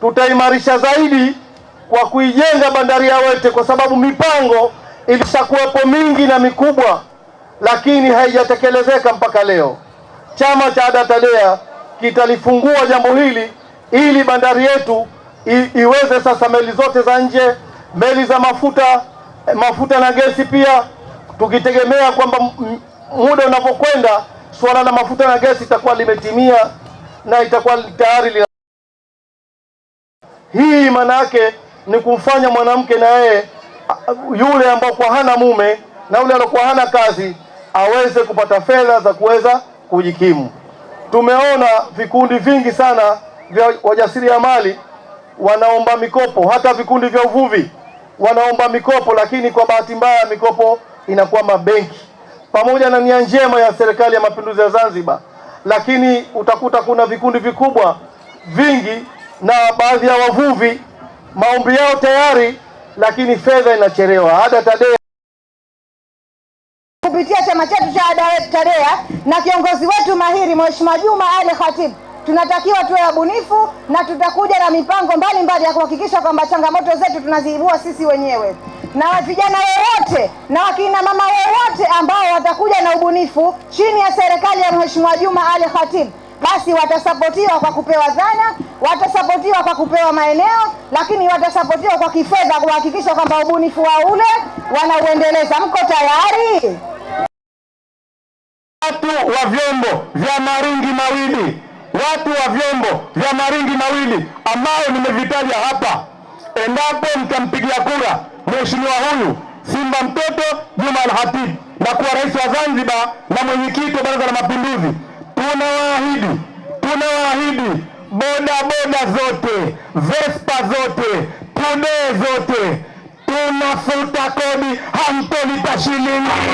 tutaimarisha zaidi kwa kuijenga bandari ya Wete, kwa sababu mipango ilishakuwepo mingi na mikubwa, lakini haijatekelezeka mpaka leo. Chama cha ADATADEA kitalifungua jambo hili ili bandari yetu i, iweze sasa meli zote za nje, meli za mafuta mafuta na gesi pia, tukitegemea kwamba muda unapokwenda suala la mafuta na gesi itakuwa limetimia na itakuwa tayari hii maana yake ni kumfanya mwanamke na yeye yule ambaye hana mume na yule aliyokuwa hana kazi aweze kupata fedha za kuweza kujikimu. Tumeona vikundi vingi sana vya wajasiriamali wanaomba mikopo, hata vikundi vya uvuvi wanaomba mikopo, lakini kwa bahati mbaya mikopo inakuwa mabenki, pamoja na nia njema ya Serikali ya Mapinduzi ya Zanzibar, lakini utakuta kuna vikundi vikubwa vingi na baadhi ya wavuvi maombi yao tayari, lakini fedha inachelewa. Ada TADEA kupitia chama chetu cha Ada TADEA na kiongozi wetu mahiri Mheshimiwa Juma Ali Khatib tunatakiwa tuwe wabunifu na tutakuja na mipango mbalimbali mbali ya kuhakikisha kwamba changamoto zetu tunaziibua sisi wenyewe, na vijana wowote na wakina mama wowote ambao watakuja na ubunifu chini ya serikali ya Mheshimiwa Juma Ali Khatib basi watasapotiwa kwa kupewa dhana, watasapotiwa kwa kupewa maeneo, lakini watasapotiwa kwa kifedha kuhakikisha kwamba ubunifu wao ule wanauendeleza. Mko tayari? Watu wa vyombo vya maringi mawili, watu wa vyombo vya maringi mawili ambao nimevitaja hapa, endapo mtampigia kura mheshimiwa huyu Simba mtoto Juma al na kuwa rais wa Zanzibar na mwenyekiti wa Baraza la Mapinduzi tunawaahidi tunawaahidi bodaboda zote, vespa zote, tudee zote, tunafuta kodi, hamtolipa shilingi